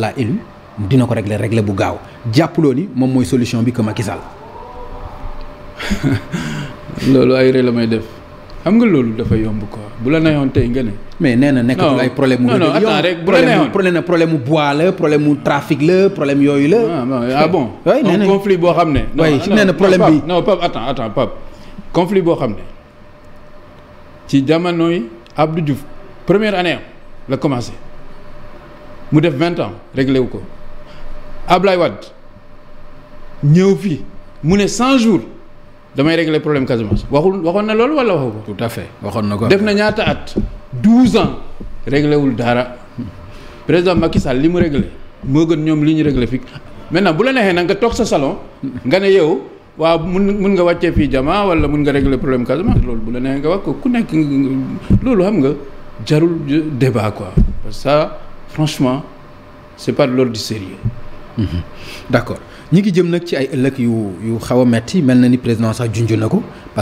laa élu dina ko régler régler bu gaaw jàppaloo ni moom mooy solution bi ko Macky Sall. loolu ay ré la may def xam nga loolu dafa yomb quoi bu la nayoon tey nga ne. mais nee na nekkatul ay problème mu. non non attends rek bu la nayoon problème mu problème mu bois la problème mu trafic la problème yooyu la. Ah bon. oui nee boo xam ne. non nee na problème bi non Pape attends attends Pape conflit boo xam ne ci jamonoy Abdou Diouf première année am la commencé. mu def vingt ans réglé wu ko Ablaye Wade ñëw fii mu ne cent jours damay régler problème Casamance waxul waxoon na loolu wala waxu ko. tout à fait waxoon na ko def na ñaata at douze ans réglé wul dara président Macky Sall li mu réglé moo gën ñoom li ñu réglé fii maintenant bu la neexee nag nga toog sa salon nga ne yow. waaw mun mun nga wàccee fii jama wala mun nga réglé problème Casamance loolu bu la nee nga wax ko ku nekk loolu xam nga jarul débat quoi franchement c'est pas de l'ordre du sérieux d'accord ñi ngi jëm nag ci ay ëllëg yu yu xaw a metti mel na ni président sax junj na ko